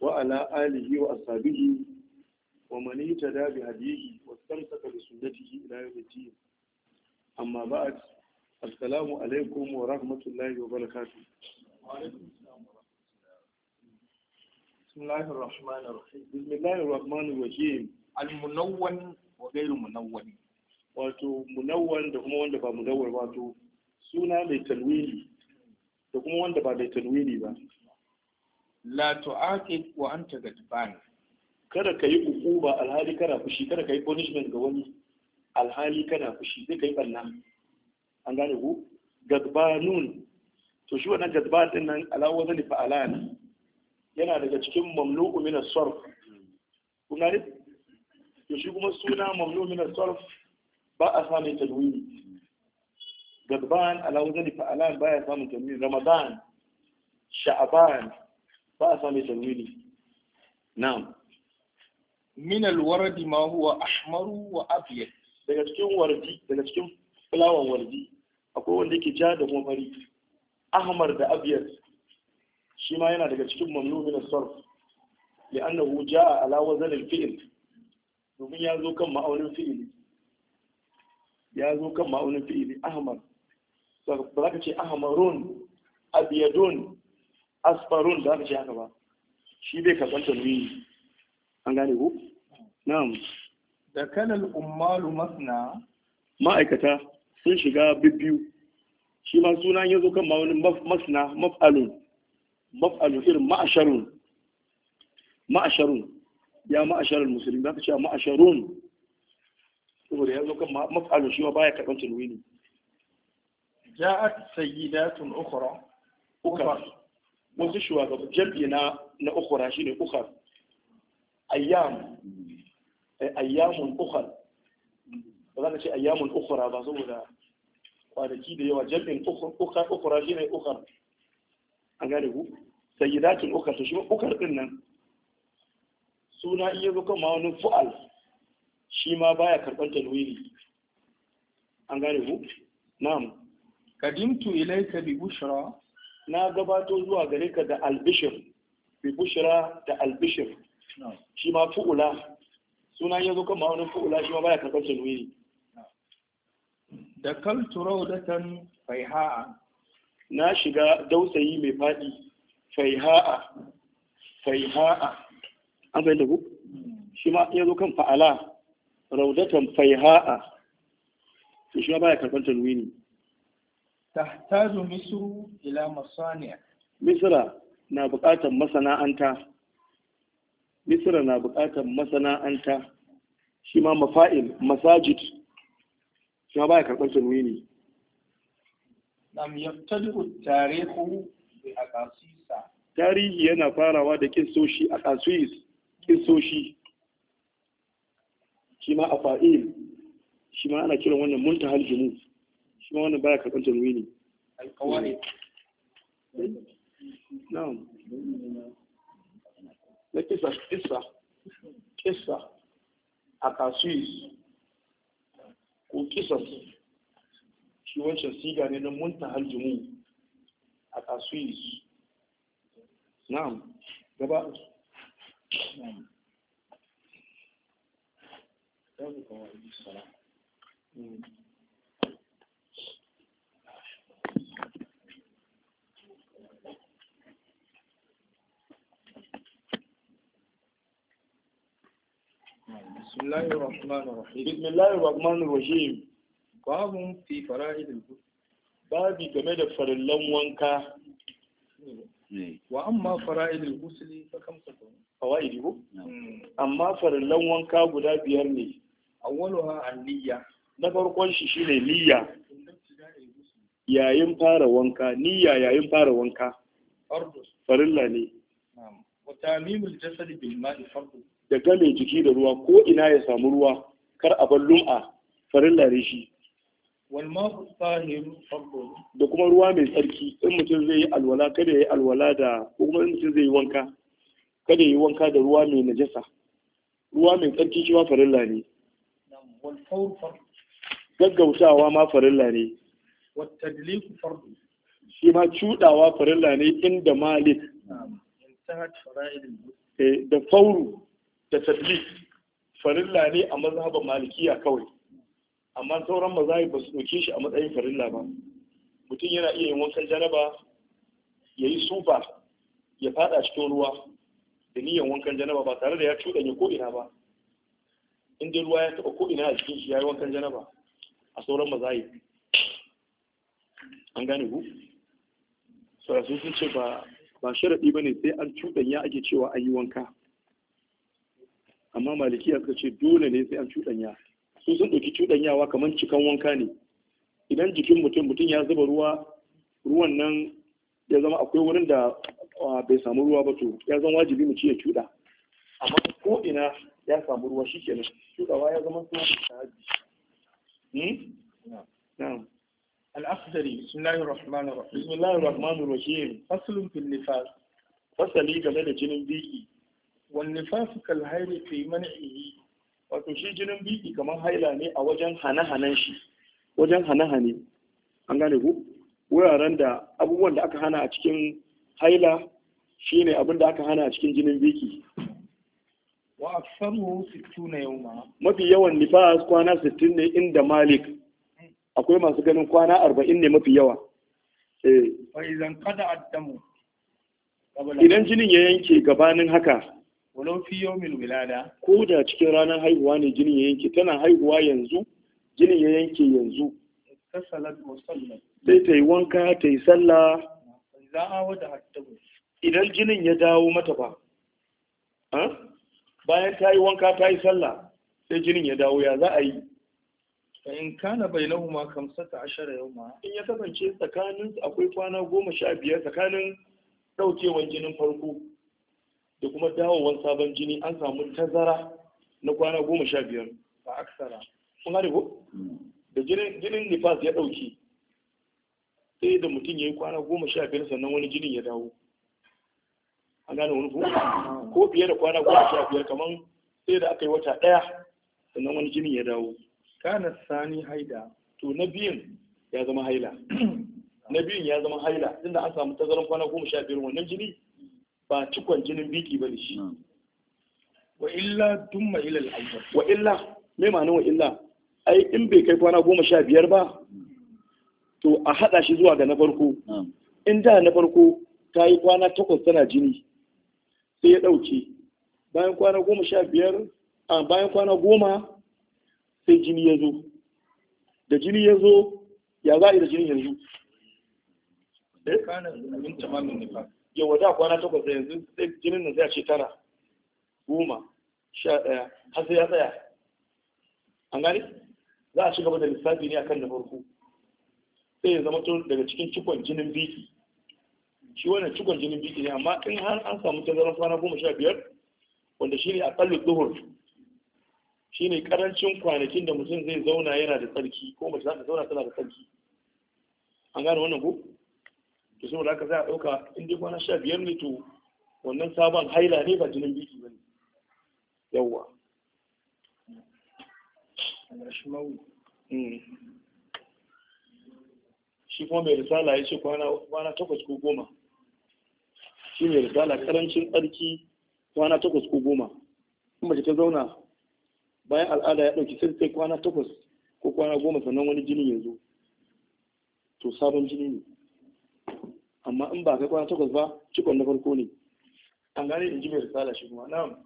وعلى آله وأصحابه ومن يتدى بهديه واستمسك بسنته إلى يوم الدين أما بعد السلام عليكم ورحمة الله وبركاته وعليكم السلام ورحمة الله بسم الله الرحمن الرحيم بسم الله الرحمن الرحيم المنون وغير المنون wato munawwan da kuma wanda ba munawwar wato suna mai talwini da kuma wanda ba mai talwini ba la tu'aqib wa anta gadban kada ka yi hukuma alhali kana fushi kada ka yi punishment ga wani alhali kana fushi zai kai barna an gane ku gadbanun to shi wannan gadban din nan ala wazan fa'alan yana daga cikin mamlu'u min as-sarf kun gane to shi kuma suna mamlu'u min as-sarf ba a samun tadwini gadban ala wazan fa'alan ba ya samun tadwini ramadan sha'ban ba a sami tanwini na'am min alwardi ma huwa ahmaru wa abyad daga cikin wardi daga cikin fulawan wardi akwai wanda yake ja da kuma fari ahmar da abyad shi ma yana daga cikin mamnu min as-sarf li'annahu jaa ala wazn al-fi'l domin ya zo kan ma'aunin fi'ili ya zo kan ma'aunin fi'ili ahmar ba za ka ce ahmarun abiyadun asfarun da aka ce haka ba shi bai karɓar tanwini an gane ku na'am da kanal ummalu masna ma'aikata sun shiga bibbiyu shi ma suna yanzu kan ma'aunin wani masna maf'alun maf'alun irin ma'asharun ma'asharun ya ma'asharun musulmi za ka ce ma'asharun saboda yanzu kan maf'alun shi ma baya karɓar tanwini ja'at sayyidatun ukhra ukhra wasu shugaban jam'i na na shi ne ukar ayyam eh, ayyamun ukar, ba za ka ce ayyamun ukura ba saboda kwanaki da yawa jam'in ukura shi ne ukar, an gane ku dakin ukar to shi ukar din nan suna iya zuka ma wani fu'al shi ma baya karɓar tanwini an gane ku na'am kadimtu ka bi bushra na gabato zuwa gare ka da albishir bi bushira da albishir shi ma fu'ula suna ya zo kan ma'aunin fu'ula shi ma baya karɓar tanwini da kaltu raudatan faiha'a na shiga dausayi mai faɗi faiha'a faiha'a an fahimta ku hmm. shi ma ya zo kan fa'ala raudatan faiha'a to shi ma baya karɓar tanwini tahtaju misru ila masani'a misra na buƙatar masana'anta misra na buƙatar masana'anta shi ma mafa'il masajid shi ma baya karɓar tanwini lam yabtadu tarihu bi aqasisa tarihi yana farawa da kisoshi a kasuwis kisoshi shi ma fa'il shi ma ana kiran wannan muntahal jumu shi ma wannan baya karɓar tanwini na'am na kisa kisa kisa a kasuwis ko kisas shi wancan siga ne na munta haljumu a kasuwis na gaba babu kawai salam الله الرحمن الرحيم بسم الله الرحمن الرحيم باب في فرائض الغسل babi game da farallan wanka wa amma fara'id al-ghusli fa kamsa fawaidi ko amma farallan wanka guda biyar ne awwaluha an-niyya na farkon shi shine niyya yayin fara wanka niyya yayin fara wanka farilla ne wa tamimul jasad bil ma'i fardu da game jiki da ruwa ko ina ya samu ruwa kar a bar lum'a farin lare shi da kuma ruwa mai tsarki in mutum zai yi alwala kada ya yi alwala da ko kuma in mutum zai yi wanka kada ya yi wanka da ruwa mai najasa ruwa mai tsarki shi ma farin lare gaggautawa ma farin lare shi ma cudawa farin lare inda malik eh, da fauru da tadlis farilla ne a mazhaban malikiya kawai amma sauran mazhabi ba su doke shi a matsayin farilla ba mutum yana iya yin wankan janaba ya yi sufa ya fada cikin ruwa da niyan wankan janaba ba tare da ya cuɗanya ko'ina ba In dai ruwa ya taɓa ko'ina a cikin shi ya yi wankan janaba a sauran mazhabi an gane ku sarasu sun ce ba sharaɗi ba ne sai an cuɗanya ake cewa an yi wanka amma malikiya suka ce dole ne sai an cuɗanya su sun ɗauki cuɗanyawa kamar cikan wanka ne idan jikin mutum mutum ya zuba ruwa ruwan nan ya zama akwai wurin da bai samu ruwa ba to ya zama wajibi mu ci ya cuɗa amma ko ina ya samu ruwa shi kenan cuɗawa ya zama suna da sahabi na'am al-akhdari bismillahir rahmanir rahim bismillahir rahmanir rahim faslun fil nifas fasali game da jinin biki wani fasikal yi fi man'ihi wato shi jinin biki kamar haila ne a wajen hane-hanen shi wajen hane-hane an gane ku wuraren da abubuwan da aka hana a cikin haila shi ne abin da aka hana a cikin jinin biki wa a na 60 ma. mafi yawan nifas kwana 60 ne inda malik akwai masu ganin kwana 40 ne mafi yawa eh fa idan kada addamu idan jinin ya yanke gabanin haka walau fi yawmil wilada ko da cikin ranar haihuwa ne jini ya yanke tana haihuwa yanzu jini ya yanke yanzu tasalat musallat sai ta yi wanka ta yi sallah za a wada hatta idan jinin ya dawo mata ba bayan ta yi wanka ta yi sallah sai jinin ya dawo ya za a yi in kana bainahuma kamsata ashara yawma in ya kasance tsakanin akwai kwana goma sha biyar tsakanin daukewan jinin farko da kuma dawowar sabon jini an samu tazara na kwana goma sha biyar ba aksara kun gane ko mm. da jinin nifas ya ɗauki sai da mutum ya yi kwana goma sha biyar sannan wani jinin ya dawo an gane wani ko fiye da kwana goma sha biyar kamar sai da aka yi wata ɗaya sannan wani jinin ya dawo kana sani haida to na biyun ya zama haila na biyun ya zama haila tunda an samu tazaran kwana goma sha biyar wannan jini ba cikon jinin biki ba ne shi hmm. wa illa dumma ilal aljar wa illa me ma'anin wa illa ai in bai kai kwana goma sha biyar ba to a haɗa shi zuwa ga na farko hmm. in da na farko ta yi kwana takwas tana jini sai ya ɗauke bayan kwana goma sha biyar a bayan kwana goma sai jini ya zo da jini ya zo ya za a yi da jini yanzu yawa da kwana takwas da yanzu sai jinin na sai a ce tara goma sha ɗaya har sai ya tsaya an gani za a ci gaba da lissafi ne akan na farko sai ya zama to daga cikin cikon jinin biki shi wannan cikon jinin biki ne amma in har an samu tazaran kwana goma sha biyar wanda shi ne aƙalli zuhur shi ne ƙarancin kwanakin da mutum zai zauna yana da tsarki ko mace za ta zauna tana da tsarki an gane wannan ko to saboda aka za a ɗauka in dai kwana sha biyar ne to wannan sabon haila ne ba jinin biki ba ne yawwa hmm. shi kuma mai risala ya ce kwana takwas ko goma shi mai risala karancin tsarki kwana takwas ko goma in mace ta zauna bayan al'ada ya ɗauki sai sai kwana takwas ko kwana goma sannan wani jini ya zo to sabon jini ne amma in ba kai kwana takwas ba cikon na farko ne an gane in ji mai risala shi kuma na'am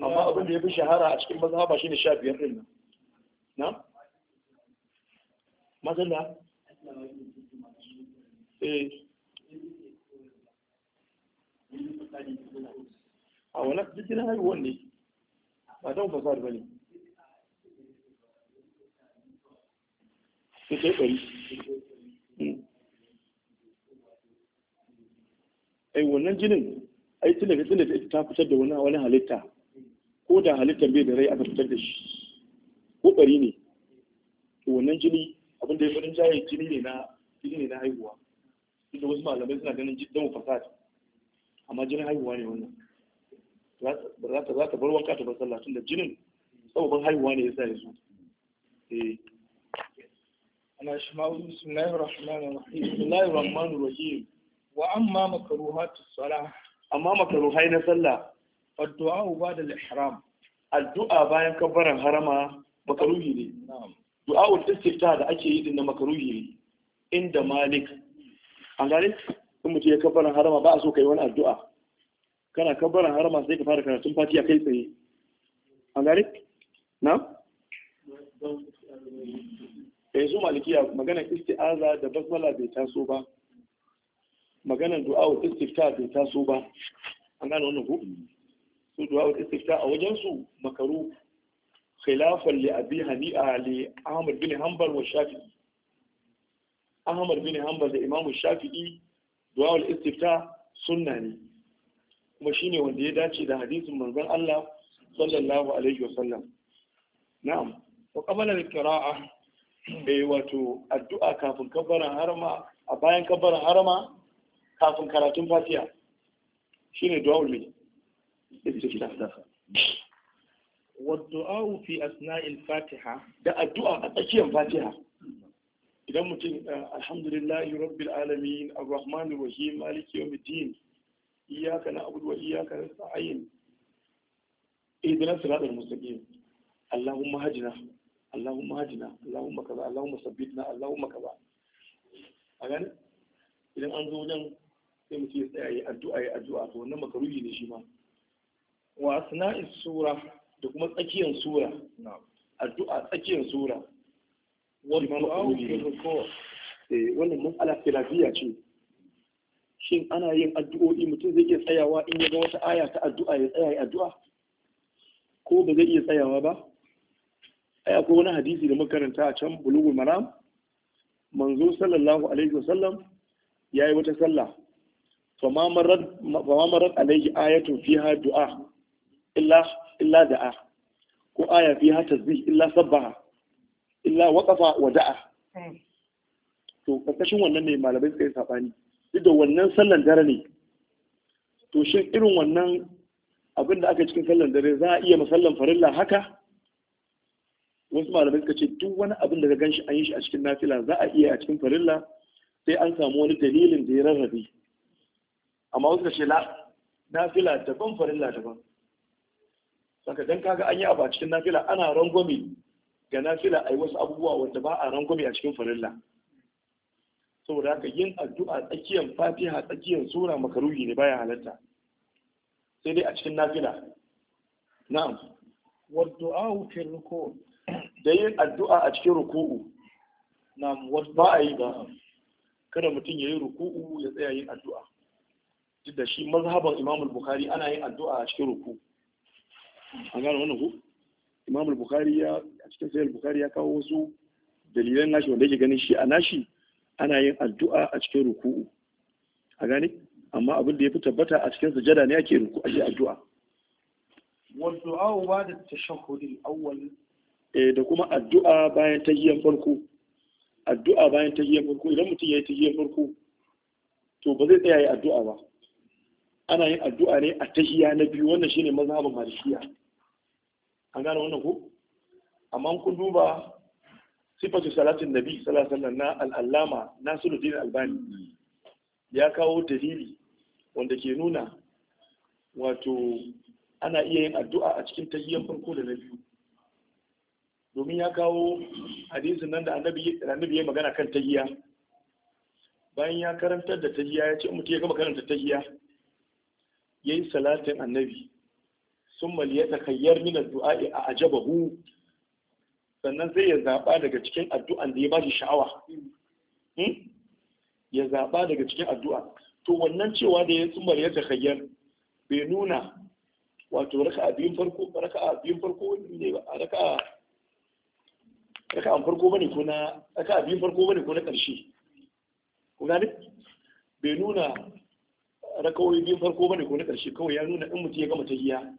amma abin da ya fi shahara a cikin mazhaba shine sha biyar din nan Na, mazalla eh a wani jikin gidan haihuwan ne ba don fasad ba ne sai ce ɗari ai wannan jinin ai tilaka tilaka ita ta fitar da wani wani halitta ko da halittar bai da rai aka fitar da shi ko bari ne to wannan jini abin da ya wurin jaye jini ne na jini ne na haihuwa inda wasu malamai suna ganin jiddan fasad amma jinin haihuwa ne wannan za ta bar wanka ta bar sallah tunda jinin sababin haihuwa ne yasa ya zo eh ana shima'u bismillahir rahmanir rahim bismillahir rahmanir rahim wa amma makaruhatu amma makaruhai na sallah addu'a ba da ihram addu'a bayan kabbaran harama makaruhi ne du'a'ul ta da ake yi din na makaruhi ne inda malik an gane in mutum ya kabbaran harama ba a so kai wani addu'a kana kabbaran harama sai ka fara karatun fatiya kai tsaye an gane na yanzu eh, malikiya magana isti'aza da basmala bai taso ba maganar du'a'ul istifta bai taso ba an gane wannan ko su du'a'ul istifta a wajen su makaru khilafan li abi hani'a li ahmad bin hanbal wa shafi'i ahmad bin hanbal da imamu shafi'i du'a'ul istifta sunna ne kuma shine wanda ya dace da hadisin manzon Allah sallallahu alaihi wa sallam na'am wa qabala al-qira'a eh wato addu'a kafin kabbara harama a bayan kabbara harama kafin karatun fatiha shine du'a'ul mai istiftaha wa du'a'u fi asna'il fatiha da addu'a a tsakiyar fatiha idan mutum eh, alhamdulillahi rabbil alamin arrahmanir rahim maliki yawmiddin iyyaka na'budu wa iyyaka nasta'in ihdinas siratal mustaqim allahumma hajina allahumma hajina allahumma kaza allahumma sabbitna allahumma kaza a gani idan an zo wajen sai mutum ya tsaya ya addu'a ya addu'a to wannan makaruhi ne shi ma wa asna'is sura da kuma tsakiyar sura addu'a tsakiyar sura eh, wannan matsala filafiya ce shin ana yin addu'o'i mutum zai iya tsayawa in ya ga wata aya ta addu'a ya tsaya ya addu'a ko ba zai iya tsayawa ba ai ko wani hadisi da makaranta a can bulugul maram manzo sallallahu alaihi wasallam ya yi wata sallah fama marar alaihi ayatun fiha du'a illa da'a ko aya fiha tasbih illa sabbaha illa waqafa wa da'a to karkashin wannan ne malamai suka yi sabani duk da wannan sallan dare ne to shin irin wannan abin da aka cikin sallan dare za a iya masallan farilla haka wasu malamai suka ce duk wani abin da ka ganshi an yi shi a cikin nafila za a iya a cikin farilla sai an samu wani dalilin da ya rarrabe amma wasu ce la nafila daban farin la daban saka dan kaga an yi abu a cikin nafila ana rangwami ga nafila yi wasu abubuwa wanda ba a rangwami a cikin farin la. saboda haka yin addu'a tsakiyar fatiha tsakiyar sura makaruhi ne baya halatta sai dai a cikin nafila na'am wa du'a fi ruku da yin addu'a a cikin ruku'u na'am ba a yi ba kada mutum ya yi ruku'u ya tsaya yin addu'a da shi mazhaban imam al bukhari ana yin addu'a a cikin ruku an gano wannan ku imam al bukhari ya a cikin sayar bukhari ya kawo wasu dalilan nashi wanda yake ganin shi a nashi ana yin addu'a a cikin ruku a gane amma abin da ya fi tabbata a cikin sujada ne ake ruku ake addu'a wal du'a ba da tashahhud al-awwal eh da kuma addu'a bayan tahiyyan farko addu'a bayan tahiyyan farko idan mutum yayi tahiyyan farko to ba zai tsaya yi addu'a ba ana yin addu'a ne a tahiya na biyu wannan shine mazhabin malikiya an gane wannan ko amma kun duba sifatu salatin nabi sallallahu alaihi na al-allama nasiruddin albani ya kawo dalili wanda ke nuna wato ana iya yin addu'a a cikin tahiyyar farko da na biyu domin ya kawo hadisin nan da annabi ya magana kan tahiyya bayan ya karantar da tahiyya ya ce mutum ya gama karanta tahiyya yayi salatin annabi summa liyatakayyar min addu'a'i a ajabahu sannan zai ya zaba daga cikin addu'an da ya bashi sha'awa hmm? ya zaba daga cikin addu'a to wannan cewa da ya summa liyatakayyar bai nuna wato raka'a biyun farko raka'a biyun farko ne ba raka'a farko bane ko na raka'a biyun farko bane ko na ƙarshe ko bai nuna rakawoyi biyun farko bane ko na ƙarshe kawai ya nuna in mutum ya gama ta giya.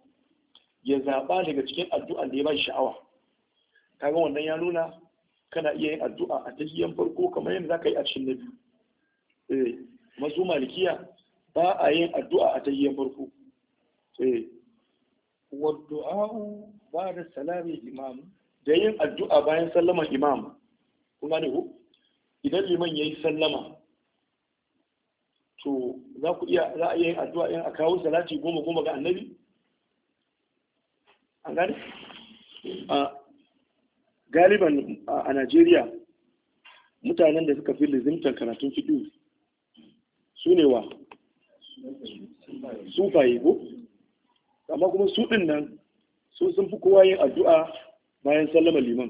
ya zaɓa daga cikin addu'an da ya ba shi sha'awa kaga wannan ya nuna kana iya yin addu'a a tahiyan farko kamar yadda za ka yi a cikin na biyu eh, masu malikiya ba a yin addu'a a tahiyan farko eh wa ba da salami imam da yin addu'a bayan sallaman imam Kuma ne ko idan liman yayi sallama To za ku iya za a iya yin addu'a in a kawo salati goma goma ga annabi an gane a galiban a Najeriya mutanen da suka fi lizimtar karatun fiɗi su ne wa Su ko amma kuma su ɗin nan su sun fi kowa yin addu'a bayan sallama liman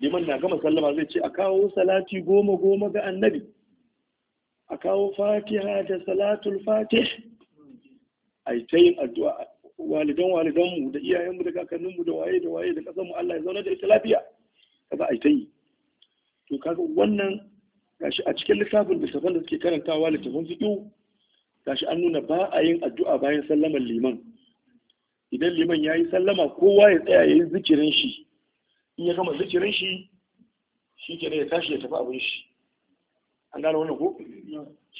liman na gama sallama zai ce a kawo salati goma goma ga annabi a kawo fatiha da salatul fatih a yi ta yin addu'a walidan walidanmu da iyayenmu da kakanninmu da waye da waye da kasanmu Allah ya zauna da ita lafiya za a yi ta yi to kaga wannan gashi a cikin littafin littafin da suke karanta wa littafin fiƙo gashi an nuna ba a yin addu'a bayan sallamar liman idan liman ya yi sallama kowa ya tsaya ya yi zikirin shi in ya gama zikirin shi shi ke ya tashi ya tafi abin shi an gano wannan ko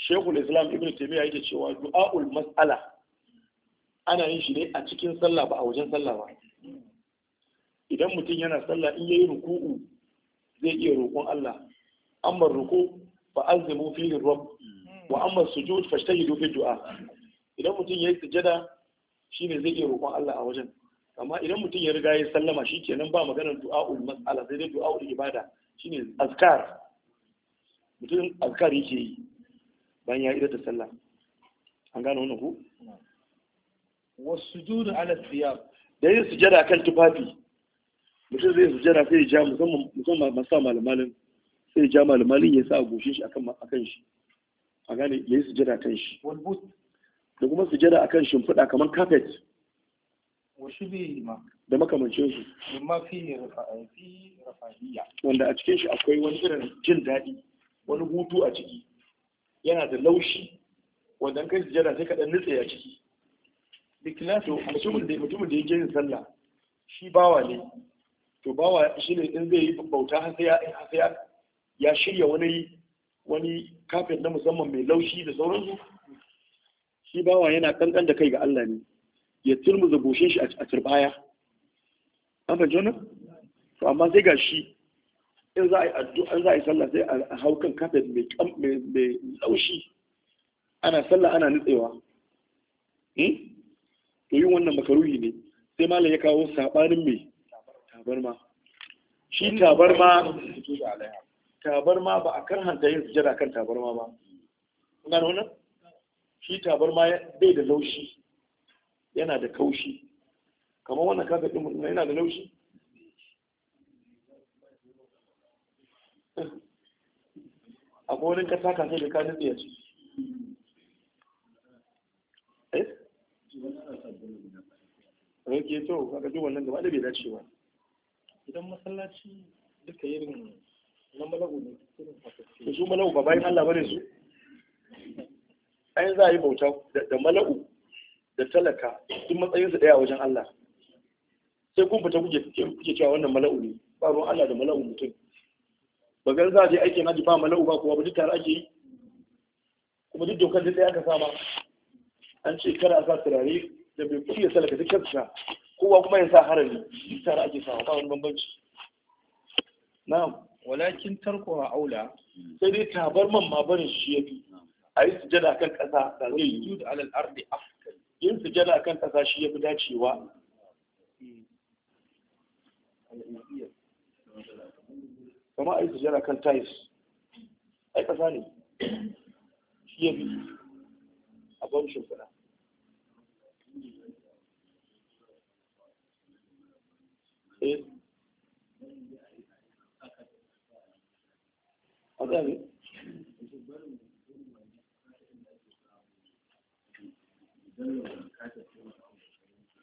shekul islam ibn taymiya yake cewa du'aul mas'ala ana yin shi ne a cikin sallah ba a wajen sallah ba idan mutum yana sallah in yayi ruku'u zai iya roƙon Allah amma ruku fa azimu fihi rabb wa amma sujud fashtahidu fi du'a idan mutum yayi sujada shine zai iya roƙon Allah a wajen amma idan mutum ya riga ya sallama shi kenan ba maganar du'a'ul mas'ala sai dai du'a'ul ibada shine azkar mutum azkar yake yi bayan ya idar da sallah an gane wannan ku wasujudu ala thiyab da yin sujada kan tufafi mutum zai sujada sai ya ja musamman masa malamalin sai ya ja malamalin ya sa a goshin shi akan akan shi a gane ya yi sujada kan shi da kuma sujada akan shimfiɗa kamar carpet da makamancin su wanda a cikin shi akwai wani irin jin daɗi wani hutu a ciki yana da laushi wadda kai sujada sai kaɗan nutse a ciki bikilato mutumin da ya yin sallah shi bawa ne to bawa shi ne in zai yi bauta har ya shirya wani wani kafin na musamman mai laushi da sauransu shi bawa yana kankan da kai ga Allah ne ya tilmuza goshin shi a turbaya an fahimci to amma sai ga shi in za a yi za a yi sallah sai a hau kan kafet mai laushi ana sallah ana nutsewa hmm? to yin wannan makaruhi ne sai malam ya kawo sabanin mai tabarma shi tabarma tabarma ba a karhanta yin sujada kan tabarma ba kun nuna wannan shi tabarma bai da laushi yana da kaushi kamar wannan kafet din yana da laushi a kowane kasa kan sai da ka nutse ci eh ke to kaga duk wannan gaba da bai dace ba idan masallaci duka irin na malagu ne irin su malagu ba bayan Allah bane su ai za a yi bauta da malagu da talaka duk matsayin su daya a wajen Allah sai kun fita kuke kuke cewa wannan mala'u ne ba ruwan Allah da mala'u mutum ba za a je aikin haji ba mala'u ba kuwa ba duk tare ake yi kuma duk dokar da ɗaya aka ba an ce kada a sa turare da bai kuɗi ya salaka duk kansa kowa kuma ya sa harari duk tare ake sama ba wani bambanci na'am walakin tarko a aula sai dai tabar man ma barin shi ya fi a yi sujada kan ƙasa da zai yi yin sujada kan ƙasa shi ya fi dacewa kama a yi sujjada kan tais. ai ƙasa ne shi ya eh. a ban shimfiɗa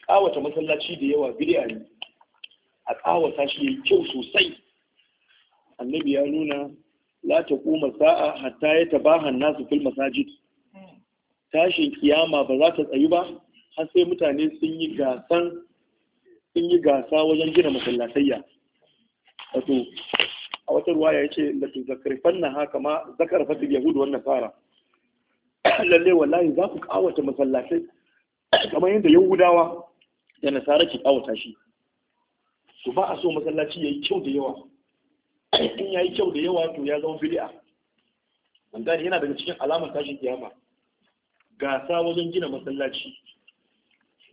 a masallaci da yawa bidiya a ƙawata shi ya yi kyau sosai annabi ya nuna la koma sa'a hatta yatabaha an-nasu fil masajid tashin kiyama ba za ta tsayi ba har sai mutane sun yi gasan sun yi gasa wajen gina masallatayya wato a wata ruwaya yace la na haka ma zakar da Yahudu wannan fara". lalle wallahi za ku kawata masallatai kamar yadda yahudawa da nasara ke kawata shi to ba a so masallaci yayi kyau da yawa in yi kyau da yawa to ya zama bid'a an gane yana daga cikin alamar tashin kiyama gasa wajen gina masallaci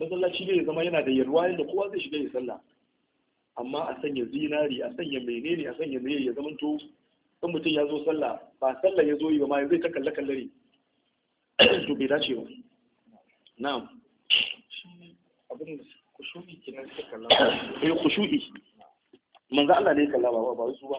masallaci ne ya zama yana da yarwa yadda kowa zai shiga ya sallah amma a sanya zinari a sanya menene a sanya meye ya zama to in mutum ya zo sallah ba sallah ya zo yi ba ma zai ta kalle kalle ne to bai dace ba na'am abin da kushu'i kenan suka kalla eh kushu'i manzo Allah ne ya kalla ba ba su ba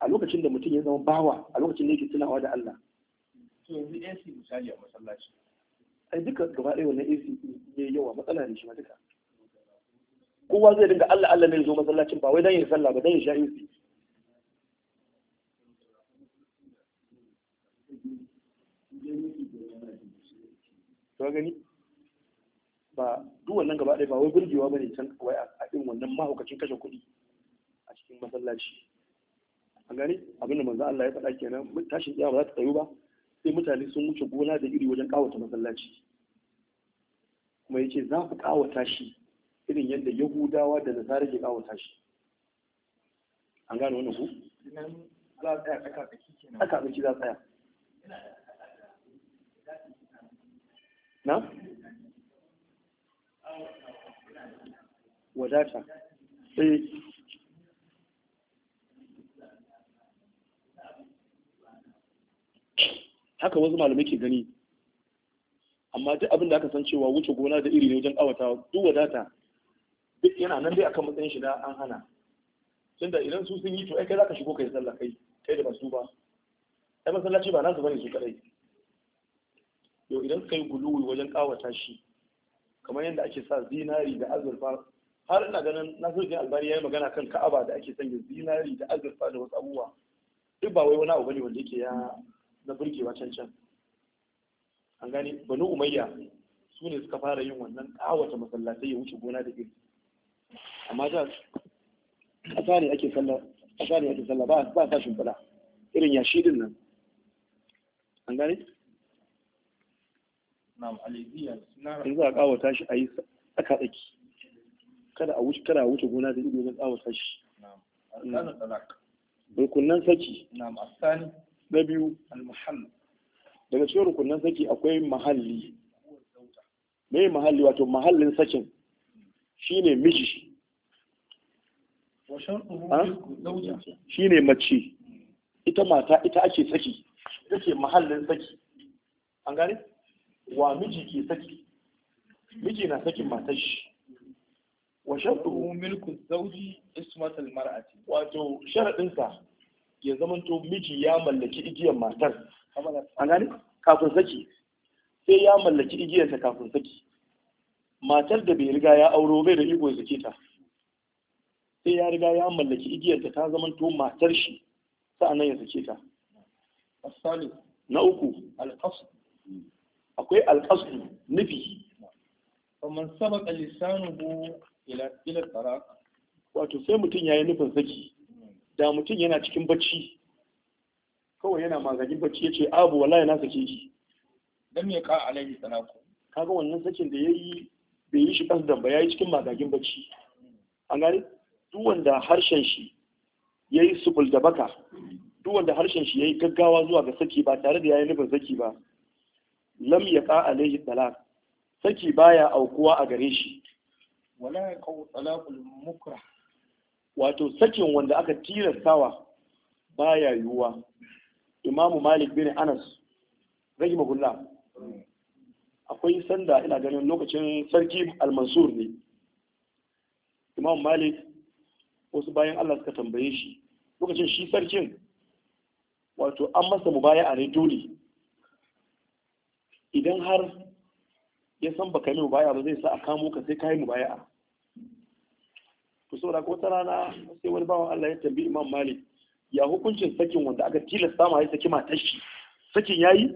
a lokacin da mutum ya zama bawa a lokacin da yake tunawa da Allah to yanzu AC misali a masallaci ai duka gaba ɗaya wannan AC ne yawa matsala ne shi ma duka kowa zai dinga Allah Allah ne zo masallacin ba wai dan yin sallah ba dan yin sha AC ka gani ba duk wannan gaba ɗaya ba wai burgewa bane can wai a irin wannan mahaukacin kashe kuɗi a cikin masallaci a gani abinda manzo Allah ya faɗa kenan tashin kiyama ba za ta tsayu ba sai mutane sun wuce gona da iri wajen kawata masallaci kuma yace za ku kawata shi irin yadda Yahudawa da Nasara ke kawata shi an gane wannan ku za tsaya tsaka tsaki za tsaya na wadata Sai. Eh. haka wasu malamai ke gani amma duk abin da aka san cewa wuce gona da iri ne wajen kawata duk wadata duk yana nan dai akan matsayin shi na an hana tunda idan su sun yi to ai kai zaka shigo kai sallah kai kai da ba ba ai masallaci ba nasu bane su kadai yau idan kai guluwi wajen kawata shi kamar yadda ake sa zinari da azurfa har ina ganin so albani ya yi magana kan ka'aba da ake sanya zinari da azurfa da wasu abubuwa duk ba wai wani abu bane wanda yake ya na burgewa can can an gane banu umayya su ne suka fara yin wannan kawata masallatai ya wuce gona da iri amma da ƙasa ne ake sallah ƙasa ne ake sallah ba ba sa shimfiɗa irin ya din nan an gane na'am aliziya in za a kawata shi a yi tsaka tsaki kada a wuce kada a wuce gona da iri wajen kawata shi na'am mm. rukunan saki na'am asani na biyu al muhammad daga cikin rukunan saki akwai mahalli me mahalli wato mahallin sakin shine miji shine mace ita mata ita ake saki ita ce mahallin saki an gane wa miji ke saki miji na sakin matar shi wa sharɗu milku zauji ismatul mar'ati wato sharaɗinsa ya to miji ya mallaki igiyar matar an gani kafin saki sai ya mallaki igiyarsa kafin saki matar da bai riga ya auro bai da iko ya ta sai ya riga ya mallaki igiyarta ta to matar shi sa'annan ya sake ta na uku akwai alƙasu nufi kamar sabaka lisanuhu ila ila wato sai mutum yayi nufin saki da mutum yana cikin bacci kawai yana magagin bacci ya ce abu wallahi na sake ki dan ya ka alaihi salatu kaga wannan sakin da yayi bai yi shi da ba yayi cikin magagin bacci an gane duk wanda harshen shi yayi subul da baka duk wanda harshen shi yayi gaggawa zuwa ga saki ba tare da yayi nufin saki ba lam a alaihi talaq saki baya aukuwa a gare shi wala yaqau talaqul mukrah wato sakin wanda aka tilastawa baya yiwuwa imamu malik bin anas rage magulla akwai sanda ina ganin lokacin sarki al-mansur ne imamu malik wasu bayan allah suka tambaye shi lokacin shi sarkin wato an masa mubaya ne dole idan har ya san baka yi mubaya ba zai sa a kamo ka sai ka yi a to saboda ko ta rana sai wani bawan Allah ya tambayi Imam Malik ya hukuncin sakin wanda aka tilasta ma ya saki matar shi sakin yayi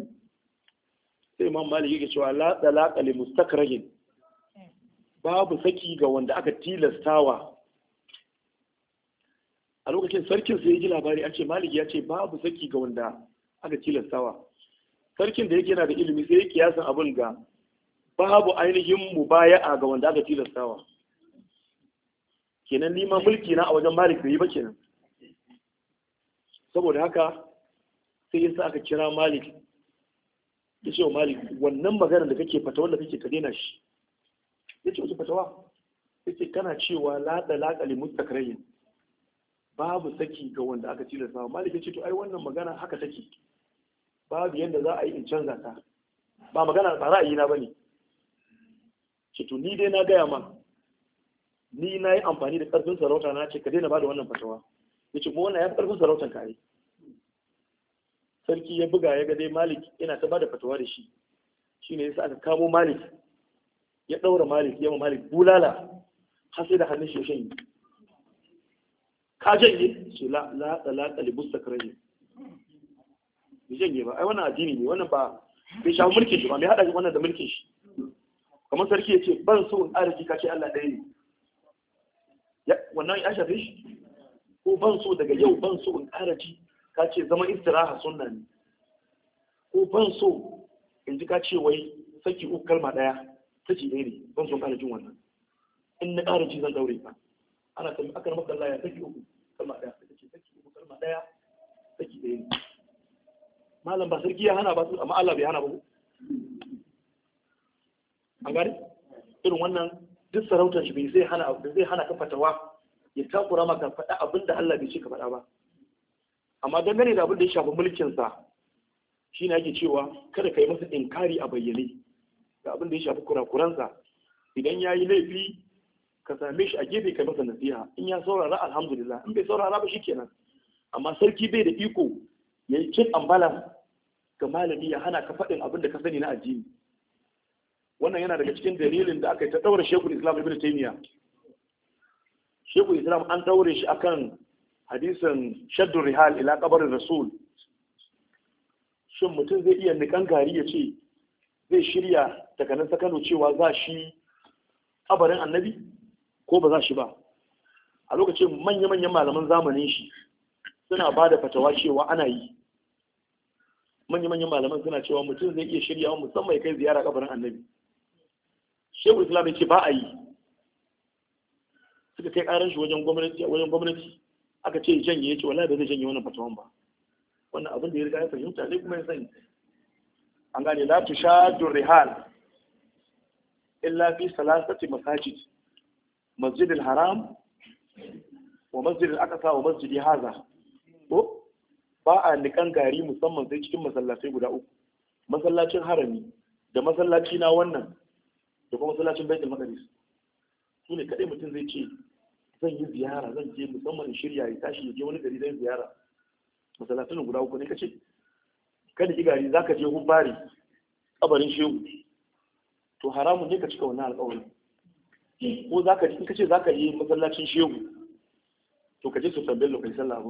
sai Imam Malik yake cewa la talaqa li mustakrahin babu saki ga wanda aka tilastawa a lokacin sarkin sai ya ji labari an ce Malik ya ce babu saki ga wanda aka tilastawa sarkin da yake yana da ilimi sai ya kiyasan abin ga babu ainihin mubaya'a ga wanda aka tilastawa kenan nima mulki na a wajen malik bai yi ba kenan saboda haka sai yasa aka kira malik ya ce wa malik wannan maganar da kake fata wanda kake ka daina shi ya ce wasu fatawa ya ce kana cewa latsa laɗa limus takrayin babu saki ga wanda aka tilasta malik ya ce to ai wannan magana haka take babu yadda za a yi in canza ta ba magana ba ra'ayi na bane ce to ni dai na gaya ma ni na yi amfani da karfin sarauta na ce ka daina bada wannan fatawa ya ce kuma wannan ya fi karfin sarautan ka sarki ya buga ya ga dai malik yana ta bada fatawa da shi ne yasa aka kamo malik ya ɗaura malik ya ma malik bulala har sai da hannun shi ya shanye ka janye ce la la la talibus sakraje bai janye ba ai wannan addini ne wannan ba bai shafi mulkin shi ba mai hada wannan da mulkin shi kamar sarki ya ce ban so in arziki ka ce Allah ɗaya ne wannan ya shafe shi ko ban so daga yau ban so in ƙara ci ka ce zama istiraha sunna ne ko ban so in ji ka ce wai saki uku kalma ɗaya ta ce ne ban so ƙara jin wannan in na ƙara ci zan ɗaure ka ana sami akar maka laya saki uku kalma ɗaya ta ce saki uku kalma ɗaya saki ɗaya ne malam ba sarki ya hana ba su amma Allah bai hana ba ku an gane irin wannan duk sarautar shi bai sai hana bai zai hana ka fatawa ya takura maka faɗa abin da Allah bai ce ka faɗa ba amma dangane da abin da ya shafi mulkinsa shi ne ake cewa kada ka yi masa inkari a bayyane da abin da ya shafi kurakuransa idan ya yi laifi ka same shi a gefe ka masa nasiha in ya saurara alhamdulillah in bai saurara ba kenan. amma sarki bai da iko ya yi cin ambala ga malami ya hana ka faɗin abin da ka sani na addini wannan yana daga cikin dalilin da aka yi ta ɗaura shekul islam ibn taymiya shekul islam an daure shi akan hadisin shaddu rihal ila kabarin rasul shin mutum zai iya nikan gari ya ce zai shirya daga nan sakano cewa za shi kabarin annabi ko ba za shi ba a lokacin manya-manyan malaman zamanin shi suna ba da fatawa cewa ana yi manya-manyan malaman suna cewa mutum zai iya shirya musamman kai ziyara kabarin annabi shekul islam ya ce ba a yi suka kai karan wajen gwamnati wajen gwamnati aka ce janye yace wallahi ba zai janye wannan fatawan ba wannan abin da ya riga ya fahimta ne kuma ya sani an gane la tushadu rihal illa fi salasati masajid masjid al-haram wa masjid al-aqsa wa masjid hadha ko ba a nikan gari musamman sai cikin masallatai guda uku masallacin harami da masallaci na wannan da kuma masallacin baitul maqdis su ne kadai mutum zai ce zan yi ziyara zan je musamman in shirya ya tashi ya je wani gari zan ziyara masalatun guda uku ne kace kada ki gari zaka je hubbari kabarin shehu to haramun ne ka cika wannan alƙawarin ko zaka ce kace zaka je masallacin shehu to ka je su tambaye lokacin sallah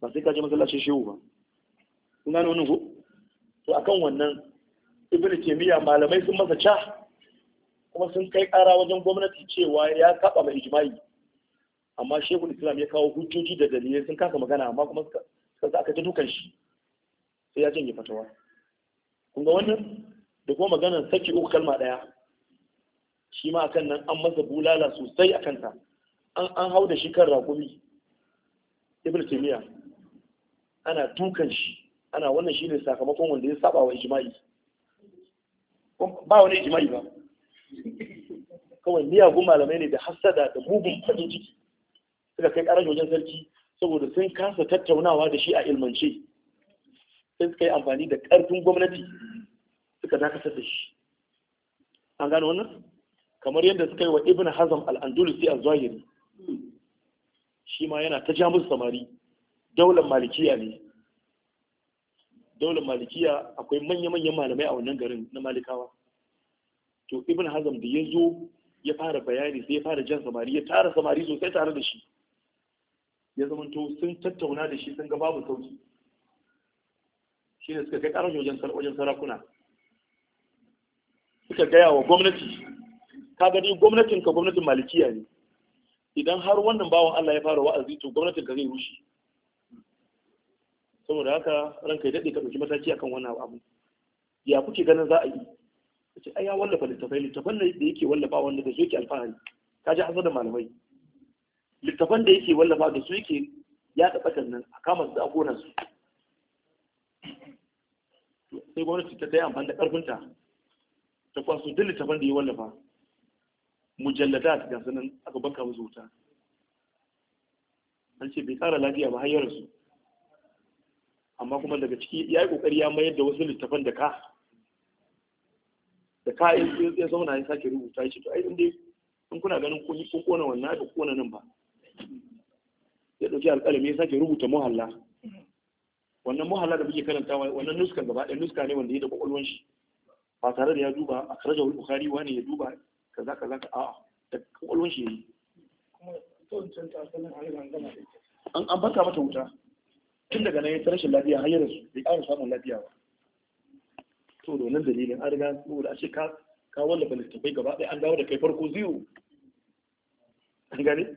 ba sai ka je masallacin shehu ba kun gano wannan ko to akan wannan ibnu taymiya malamai sun masa ca kuma sun kai ƙara wajen gwamnati cewa ya kaba mai ijma'i amma shekul islam ya kawo hujjoji da dalilai sun kasa magana amma kuma suka sa aka ta dukan shi sai ya janye fatawa kun ga wannan da kuma maganar saki uku kalma daya shi ma akan nan an masa bulala sosai akan ta an an hau da shi kan raƙumi ibn taymiya ana dukan shi ana wannan shine sakamakon wanda ya saba wa ijma'i ba wani ijma'i ba kawai miyagun malamai ne da hassada da mugun farin ciki suka kai ƙarar wajen sarki saboda sun kasa tattaunawa da shi a ilmance sai suka yi amfani da ƙarfin gwamnati suka dakatar da shi an gano wannan kamar yadda suka yi wa ibn hazam al-andalusi al-zahiri shi ma yana ta jamus samari daular malikiya ne daular malikiya akwai manya-manyan malamai a wannan garin na malikawa to ibn hazam da ya zo ya fara bayani sai ya fara jan samari ya tara samari sosai tare da shi ya to sun tattauna da shi sun ga babu sauki shi ne suka kai ƙarar wajen sarakuna suka gaya wa gwamnati ka gani gwamnatin ka gwamnatin malikiya ne idan har wannan bawan Allah ya fara wa'azi to gwamnatin ka zai rushe saboda haka ranka ya daɗe ka ɗauki mataki akan wannan abu ya kuke ganin za a yi ce ai ya wallafa littafai littafan da yake wallafa wanda da ke alfahari ka ji hasadar malamai littafan da yake wallafa da su yake ya taɓa nan a kama su a gonar su sai gwamnati ta yi amfani da ƙarfinta ta kwaso duk littafan da ya wallafa ta gasa nan aka banka musu wuta an ce bai ƙara lafiya ba hanyar su amma kuma daga ciki ya yi ƙoƙari ya mayar da wasu littafan da ka da ka ya zauna ya sake rubuta ya ce to ai in dai in kuna ganin kun kona wannan ko kona nan ba ya ɗauki alƙalami ya sake rubuta muhalla wannan muhalla da muke karanta wannan nuskar gaba ɗaya nuska ne wanda ya da kwakwalwan shi ba tare da ya duba a wani bukari wani ya duba kaza kaza ka a'a da kwakwalwan shi ne an an baka mata wuta tun daga nan ya shi lafiya har yanzu bai ƙara samun lafiya ba to da wannan dalilin an riga saboda a ce ka ka wallafa littattafai gaba ɗaya an dawo da kai farko ziyo an gane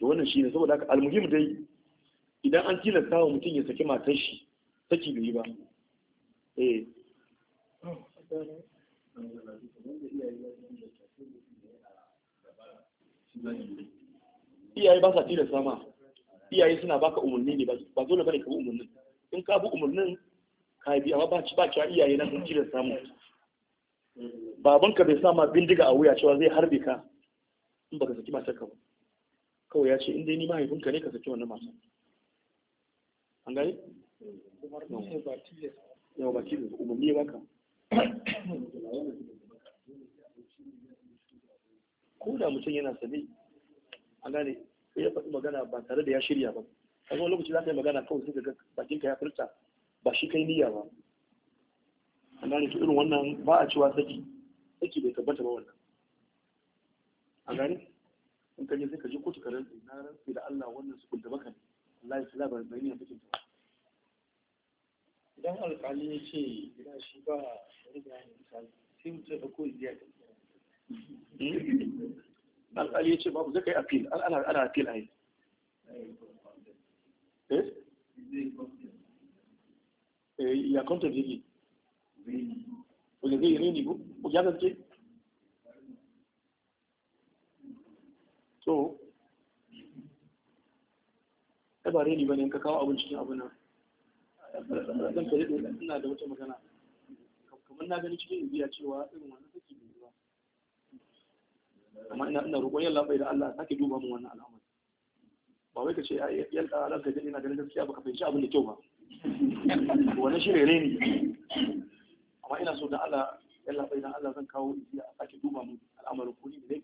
to wannan shi ne saboda haka almuhim dai idan an tilasta wa mutum ya saki matar shi saki bai yi ba eh iyaye ba sa tilasta ma iyaye suna baka umarni ne ba dole bane ka bi umarnin in ka bi umarnin ka bi amma ba ci ba kiwa iyaye na sun tilasta mu babanka bai sa ma bindiga a wuya cewa zai harbe ka in baka saki matar ka ba kawai ya ce in dai ni mahaifinka ne ka saki wannan matan an gani? yawa ba tilas umarni ya baka ko da mutum yana sane an gane sai ya faɗi magana ba tare da ya shirya ba a zuwa lokaci za ka yi magana kawai sai ga bakinka ya furta ba shi kai niyya ba an gane irin wannan ba a cewa saki saki bai tabbata ba wannan an gane in ka je sai ka je kotu ka rantsi na rantsi da Allah wannan su kunta baka ne Allah ya tsala ba bai a cikin ta idan alƙali ya ce idan shi ba riga ne misali sai mutum da ko ziya ta alƙali ya ce babu zai kai appeal ana ana appeal a yi eh, eh ya kwanta zai yi zai yi rini ko ya zance kware ne bane ka kawo abin cikin abin nan zan ka ina da wata magana kamar na gani cikin indiya cewa irin wannan ba amma ina ina roƙon yalla da Allah sake duba mun wannan al'amari ba wai ka ce ka ina ganin gaskiya fahimci abin da kyau ba ina so da Allah zan kawo indiya a mu al'amarin kuri da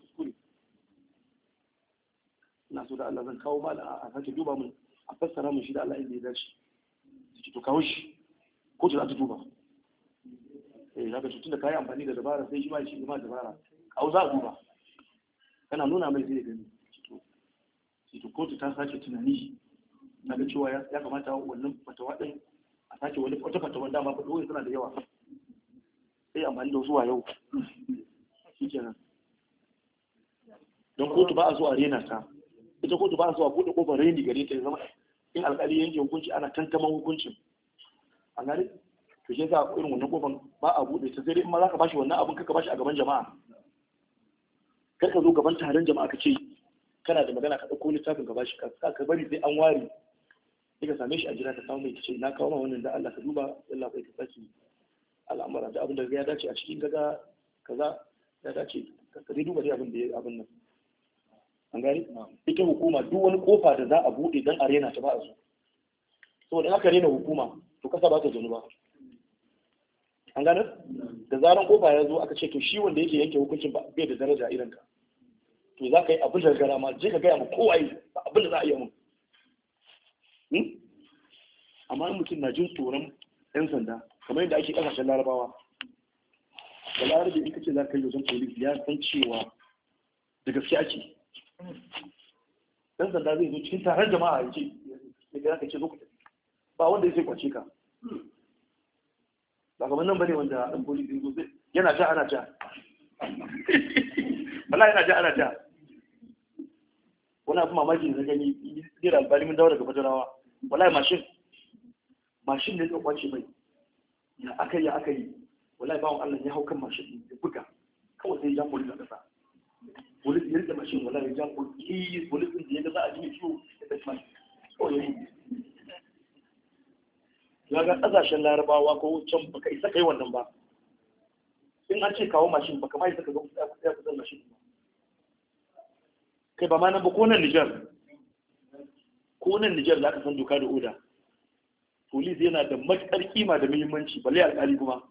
ina so da Allah zan kawo mala a sake duba mun fassara mu shi da Allah inda ya dace ki to kawo shi ko ta za ta duba eh zaka tutun da kayi amfani da dabara sai shi ma shi ma dabara kawo za a duba kana nuna mai zai gani ki to kotu ta sake tunani na ga cewa ya kamata wannan fatawa din a sake wani wata fatawa ma ba dole tana da yawa sai amfani da zuwa yau kenan don kotu ba a zuwa rena ta ita kotu ba a zuwa buɗe ƙofar reni gare ta ya zama in alƙali yanke hukunci ana tantaman hukuncin a gari to shi yasa irin wannan kofan ba a buɗe ta sai dai ma za ka bashi wannan abin kaka bashi a gaban jama'a kar ka zo gaban taron jama'a ka ce kana da magana ka ɗauko littafin ka bashi ka ka bari sai an ware sai ka same shi a jira ka samu mai ce. na kawo ma wannan da Allah ka duba Allah bai ka saki al'amura da abin da ya dace a cikin gaga kaza ya dace ka duba dai abin da ya abin nan an gani ita hukuma duk wani kofa da za a buɗe don arena rena ta ba a so saboda aka rena hukuma to kasa ba ta zanu ba an gane da zaran kofa ya zo aka ce to shi wanda yake yanke hukuncin ba bai da daraja a ka to za ka yi abin da gara ma je ka gaya ma kowa yi ba abin da za a yi mun hmm? amma in mutum na jin tsoron yan sanda kamar yadda ake kasashen larabawa da larabawa in ka ce za ka yi wajen polis ya san cewa da gaske ake dan sanda zai zo cikin taron jama'a ya ce ya ga ka ce zo ku ba wanda ya sai kwace ka ba kamar nan bane wanda dan zai zo yana ja ana ja wallahi yana ja ana ja wani abu mamaki na gani zai da albani mun dawo daga fajarawa wallahi mashin mashin ne zai kwace mai ya aka yi aka yi wallahi bawon Allah ya hau kan mashin ya buga kawai sai ya muri da kasa polis ya rike mashin wala ya jan kulki polis din da ya ga za a ji ciwo ya ɗauki mashin kawai ya yi ya ga ƙasashen larabawa ko can baka isa kai wannan ba in an ce kawo mashin ba kamar yadda ka zo ya kusan mashin ba kai ba ma nan ba ko nan Nijar ko nan Nijar za ka san doka da oda polis yana da matuƙar kima da muhimmanci balle alƙali kuma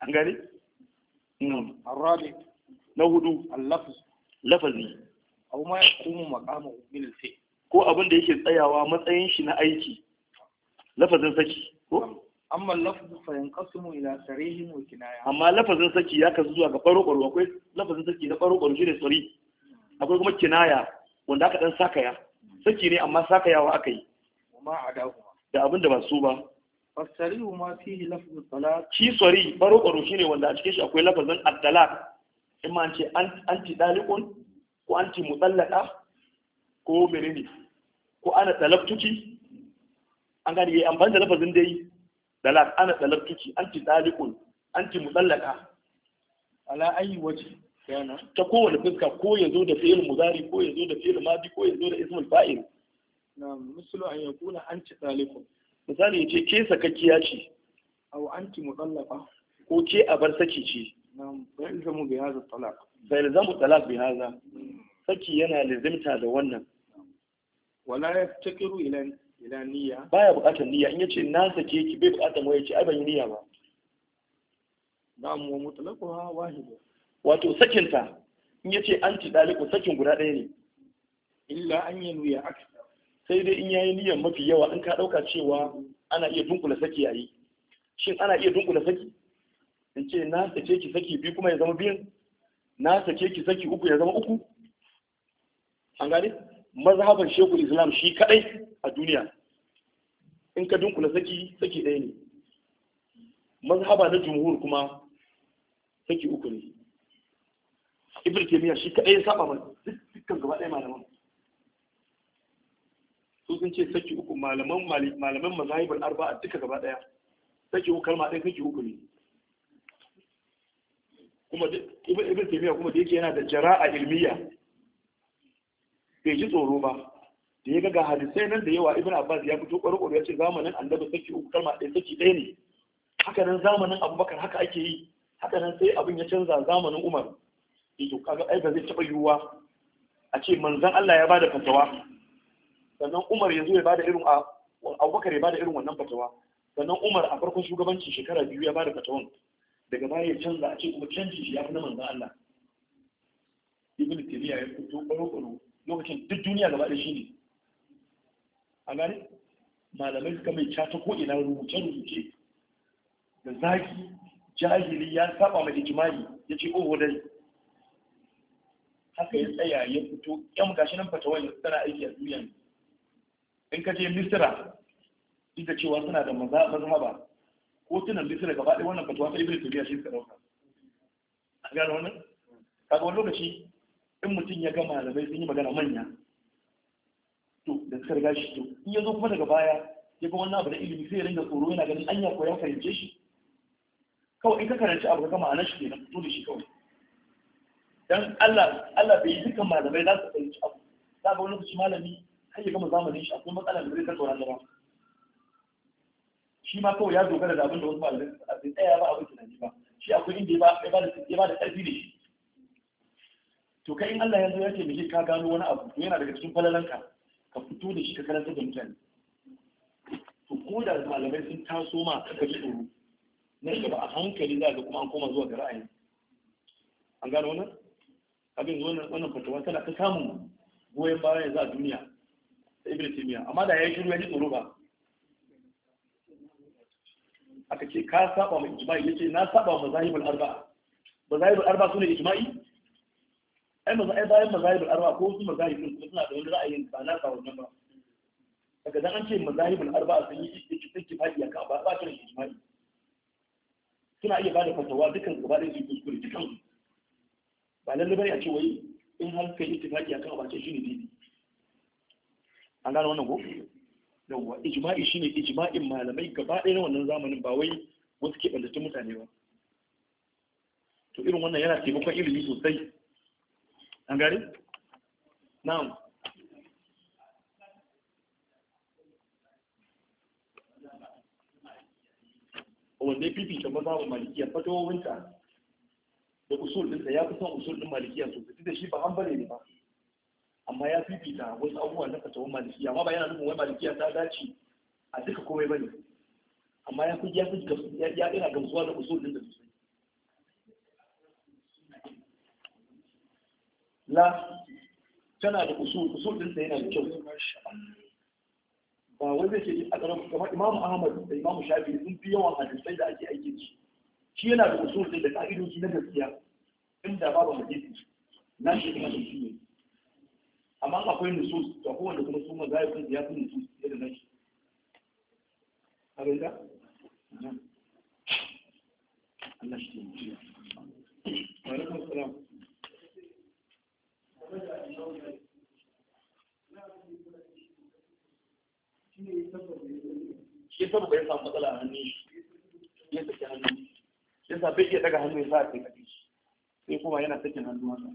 an gane? Hmm. Arabic na hudu lafazi abu ma ya kuma makama min sai ko abin da yake tsayawa matsayin shi na aiki lafazin saki ko amma lafazu fa yanqasimu ila sarihin wa kinaya amma lafazin saki ya kasu zuwa ga faro kwaro akwai lafazin saki na faro kwaro shine sari akwai kuma kinaya wanda aka dan sakaya saki ne amma sakayawa aka yi ma adahu da abin da ba su ba fasarihu ma fihi lafzu talaq shi sari faro kwaro shine wanda a cikin shi akwai lafazin at-talaq imma ma an ce anti dalikun ko anti mutallaka ko menene ko ana talabtuki an ya yi eh, amfani da lafazin dai dalak ana talabtuki anti dalikun anti mutallaka ala ayi waje ta kowane fuska ko ya zo da fi'il muzari ko ya zo da fi'il madi ko ya zo da ismul fa'il na misalu an yakuna anti dalikun misali ya ce ke sakakkiya ce aw anti mutallaqa ko ke abar saki ce فيلزم بهذا الطلاق فيلزم الطلاق بهذا yana lizimta da wannan wala yaftakiru ila ila niyya baya bukatar niyya in yace na sake ki bai bukatar mu yace ai ban niyya ba da mu mutlaquha wahida wato sakin ta in sakin guda ɗaya ne sai dai in yayi niyyar mafi yawa in ka dauka cewa ana iya dunkula saki yayi shin ana iya dunkula saki in ce na sake ki saki biyu kuma ya zama biyun na sake ki saki uku ya zama uku an gane mazhaban shekul islam shi kadai a duniya in ka dunkula saki saki ɗaya ne mazhaba na jumhur kuma saki uku ne ibn taymiya shi kadai ya saba mana dukkan gaba ɗaya malaman su sun ce saki uku malaman malaman mazhabul arba'a duka gaba ɗaya saki uku kalma ɗaya saki uku ne kuma ibn taymiya kuma da yake yana da jara'a ilmiya bai ji tsoro ba da ya ga hadisai nan da yawa ibn abbas ya fito ƙwarƙwaro ya ce zamanin annabi saki uku kalma ɗaya saki ɗaya ne haka nan zamanin abubakar haka ake yi haka nan sai abin ya canza zamanin umar eh to kaga ai ba zai taɓa yiwuwa a ce manzon Allah ya bada fatawa sannan umar ya ya bada irin abubakar ya bada irin wannan fatawa sannan umar a farkon shugabanci shekara biyu ya bada fatawan daga baya ya canza a ce kuma canji shi ya fi na manzan Allah ibn tiriya ya fito lokacin duk duniya gaba da shi ne a gane malamai suka mai cata ko ina rubuce-rubuce da zaki jahili ya saba mai jimali ya ce o wadai haka ya tsaya ya fito yan shi nan fata wani tana aiki a duniya in ka je misira duk cewa suna da mazhaba hotunan misira gaba ɗaya wannan fatuwa ta ibn tabiya shi suka dauka a gara wannan kaga wani lokaci in mutum ya ga malamai sun yi magana manya to da suka riga shi to in ya zo kuma daga baya ya ga wannan abu da ilimi sai ya ringa tsoro yana ganin anya ko ya fahimce shi kawai in ka karanci abu ka gama anan shi kenan to da shi kawai dan Allah Allah bai yi dukkan malamai za su fahimci abu za ga wani lokaci malami har ya gama zamanin shi akwai matsala da zai tattauna da ba shi ma kawai ya dogara da abin da wasu malamai a bai tsaya ba abin tunani ba shi akwai inda ya ba da ya ba da ƙarfi ne. to kai in Allah ya zo ya ce miki ka gano wani abu to yana daga cikin falalanka ka fito da shi ka karanta da mutane to ko da malamai sun taso ma ka ji tsoro na gaba a hankali za ga kuma an koma zuwa ga ra'ayi an gano wannan abin wannan wannan fatawa tana ta samun goyon baya za a duniya ta ibn taymiya amma da yayi shiru ya ji tsoro ba aka ce ka saba mai ijma'i yace na saba ma zahibul arba'a mazahibul arba'a sune ijma'i ai mazahib bayan mazahibul arba'a ko su mazahibin su suna da wani ra'ayin ba na sa wannan ba daga dan an ce mazahibul arba'a sun yi ittifaqi ya ka ba ba ta ijma'i suna iya bada fatawa dukan gaba da su kuskure dukan ba lalle bane a ce wai in har kai a akan ba ce shine dai an gano wannan ko yawwa ijma'i shine ijma'in malamai gaba ɗaya na wannan zamanin ba wai wasu keɓantattun mutane ba to irin wannan yana taimakon ilimi sosai an gari? na'am wanda ya maza wa malikiya fatawowinta da usul ɗinsa ya fi son usul ɗin malikiya sosai da shi ba hanbare ne ba amma ya fifita wasu abubuwa na fatawan malikiya amma ba yana nufin wai malikiya ta dace a duka komai ne, amma ya fi ya fi ya ina gamsuwa da usul din da su la tana da usul usul din da yana da kyau ba wai zai ce a karan kamar imam ahmad da imam shafi sun fi yawan hadisai da ake aiki da shi yana da usul din da ka'idoji na gaskiya inda babu hadisi na shi kuma shi ne amma akwai nusus to kowanne kuma su mazhabin ya fi nusus da nan shi abinda Allah shi ne ya wa kuma assalam shi yasa ya samu matsala a hannun shi ya saki hannu yasa bai iya daga hannu ya sa a kai sai kuma yana sakin hannu haka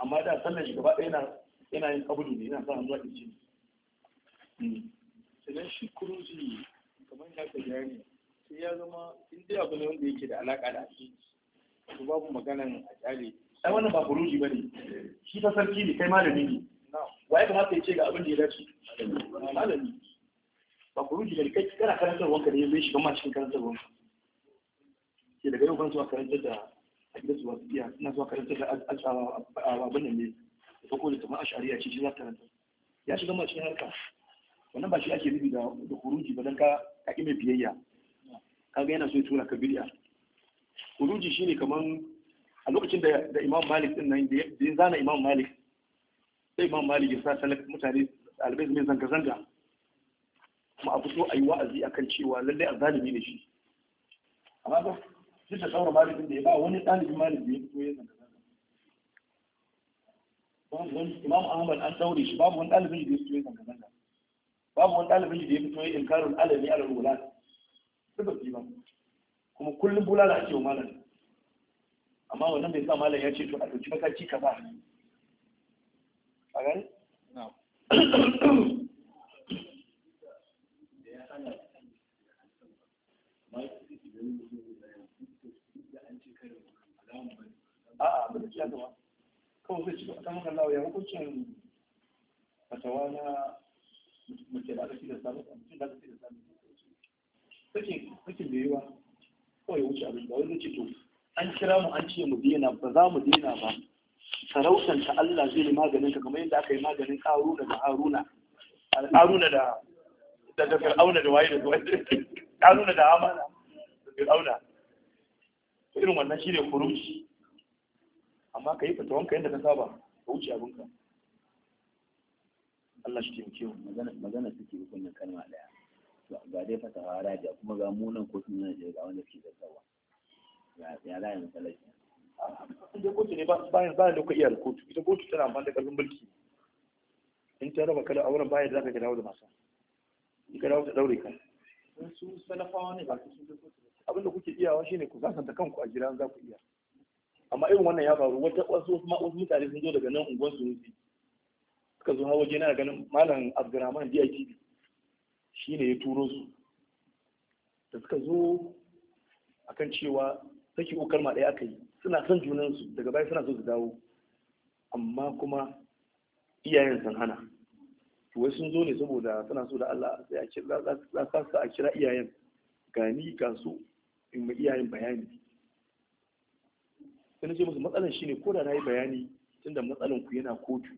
amma da sannan shi gaba ɗaya na. yana yin abu ne yana sa hannu a ƙirji sannan shi kuruji kamar ya ka ne. sai ya zama in dai abu ne wanda yake da alaƙa da aƙi to babu maganan a ƙyale ai wannan ba kuruji ba ne shi fa sarki ne kai malami ne wa ya kamata ya ce ga abin da ya dace malami ba kuruji ba ne kai kana ka ne zai shiga ma cikin ka ke daga yau ban zuwa karantar da a gidan su wasu biya suna zuwa karantar da al'awa abin da ne da sako da kamar ashariya ce shi za ta karanta ya shiga ma cikin harka wannan ba shi ake nufi da da huruji ba dan ka ka mai biyayya kaga yana so ya tura ka bid'a huruji ne kamar a lokacin da da Imam Malik din nan da ya zana Imam Malik sai Imam Malik ya sa salak mutane albai zai zanga zanga kuma a fito a yi wa'azi kan cewa lallai a zalimi ne shi amma ba duk da saura Malik da ya ba wani ɗalibin Malik da ya fito ya zanga imam ahmad an daure shi babu wani ɗalibin da ya fito ya zanga-zanga babu wani ɗalibin da ya fito ya inkarin alabi a rubula suka fi ba kuma kullum bulala ake wa malam amma wannan bai sa malam ya ce to a ɗauki mataki ka ba a gani? a'a ba da ya gaba ko zai ta hannun ya hukuncin fatawa na mace da aka ci da samun mutum da aka ci da samun sakin sakin da yawa kawai wuce abin ba wani ce to an kira mu an ce mu daina ba za mu daina ba sarautan ta Allah zai yi maganin ka kamar yadda aka yi maganin Karuna da Haruna da Fir'auna da waye da waye da Amana Fir'auna irin wannan shine kuruci amma ka yi wanka yadda ka saba ka wuce abinka Allah shi taimake mu magana magana suke hukunin kalma daya to ga dai fata haraja kuma ga mu nan kotun nan da ga wanda suke da tsawa ya za ya masallaci in dai kotu ne ba bayan bayan da iya kotu ita kotu tana amfani da karfin mulki in ta raba kada auren bayan za ka ga dawo da masa in ka dawo ta daure ka sun salafawa ne ba su sun kotu abin da kuke iyawa shine ku sasanta kanku a gidan za ku iya amma irin wannan ya faru wata wasu wasu mutane sun zo daga nan unguwar su nufi suka zo hawa na ganin malam abdurrahman DITB shi ne ya turo su da suka zo akan cewa saki ukar ma ɗaya aka yi suna son junansu daga baya suna so su dawo amma kuma iyayen sun hana wai sun zo ne saboda suna so da Allah sai a kira za a kira iyayen gani ga su in mai iyayen bayani sai na ce musu matsalan shine ko da na yi bayani tunda matsalan ku yana kotu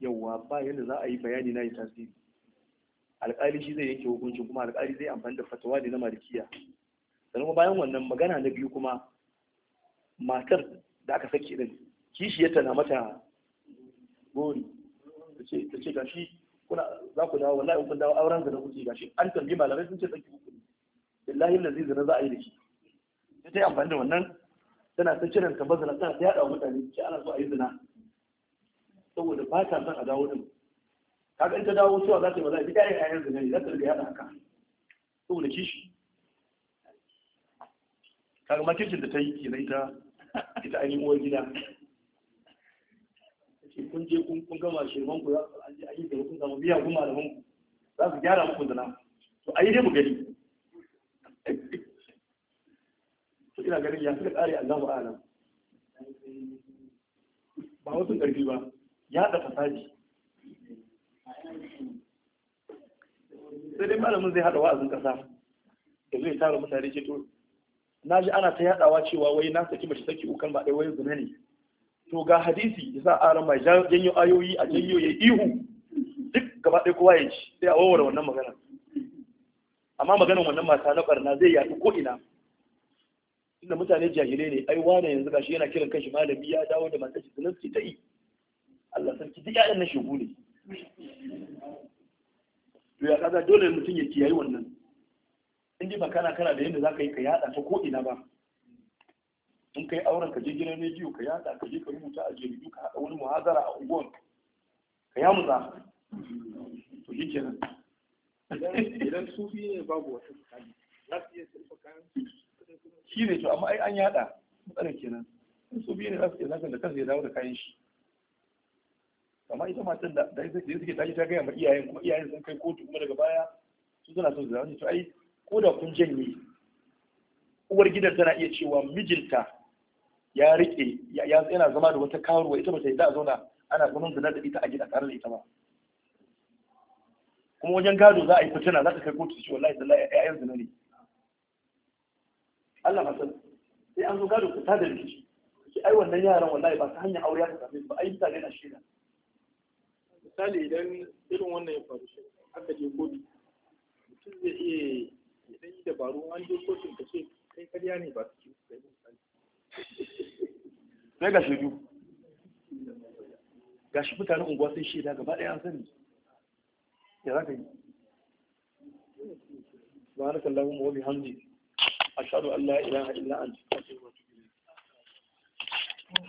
yawa ba yadda za a yi bayani na yi tasiri alƙali shi zai yanke hukuncin kuma alƙali zai amfani da fatawa ne na malikiya sannan kuma bayan wannan magana na biyu kuma matar da aka sake din kishiyarta na mata gori ta ce gashi kuna za ku dawo wallahi kun dawo auren zina kuke gashi an tambayi malamai sun ce saki uku billahi lazi zina za a yi da shi sai ta yi amfani da wannan tana ta kiran ta bazana tana ta yada mutane ce ana so a yi zina saboda ba ta son a dawo din kaga in ta dawo suwa za ta yi maza za bi ɗaya yayan zina ne za ta riga yada haka saboda kishi kaga makircin da ta yi ke na ita ita ainihin uwar gida ce kun je kun gama shirman ku an je yi da kun samu biya kuma da za su gyara muku zina to ayi dai mu gani to ina ganin ya suka tsare Allahu a'lam ba wasu ƙarfi ba ya da fasaji sai dai malamin zai hada wa'azin ƙasa da zai tara mutane ce to na ji ana ta yadawa cewa wai na saki mace saki ukan ba dai wai zina ne to ga hadisi ya sa aran mai janyo ayoyi a janyo ya ihu duk gaba ɗaya kowa ya ci sai a warware wannan magana amma maganar wannan mata na barna zai yaɗu ko ina tunda mutane jahilai ne ai wane yanzu gashi yana kiran kashi malami ya dawo da matar su sunan ta yi Allah sarki duk ƴaƴan na shegu ne to ya kaza dole mutum ya kiyaye wannan in dai ba kana kana da yadda za ka yi ka yada ta ko ina ba in kai auren ka je gidan rediyo ka yada ka je ka rubuta a jaridu ka haɗa wani muhazara a unguwan ka yamutsa to shi kenan idan sufi ne babu wata misali za su iya sulfa kayan shi ne to amma ai an yada matsalar kenan in su biyu ne za su iya zafin da kansu ya dawo da kayan shi amma ita matan da da suke tashi ta gaya ma iyayen kuma iyayen sun kai kotu kuma daga baya su suna son zama to ai ko da kun janye uwar gidan tana iya cewa mijinta ya rike yana zama da wata karuwa ita ba ta yadda a zauna ana zaman zina da ita a gida tare da ita ba kuma wajen gado za a yi fitina za ta kai kotu su ce wallahi da la'ayyan zina ne Allah masal sai an zo gado ku ta da rikici ki ai wannan yaran wallahi ba ta hanyar aure ta same ba ai mutane na shida misali idan irin wannan ya faru shi aka je kotu mutum zai iya ya yi dabaru an je kotun ka ce kai karya ne ba su ci sai ga shi ga shi mutanen unguwa sun shaida gaba ɗaya an sani ya za ka yi ba na kallon mawabi hamdi ashhadu an la ilaha illa anta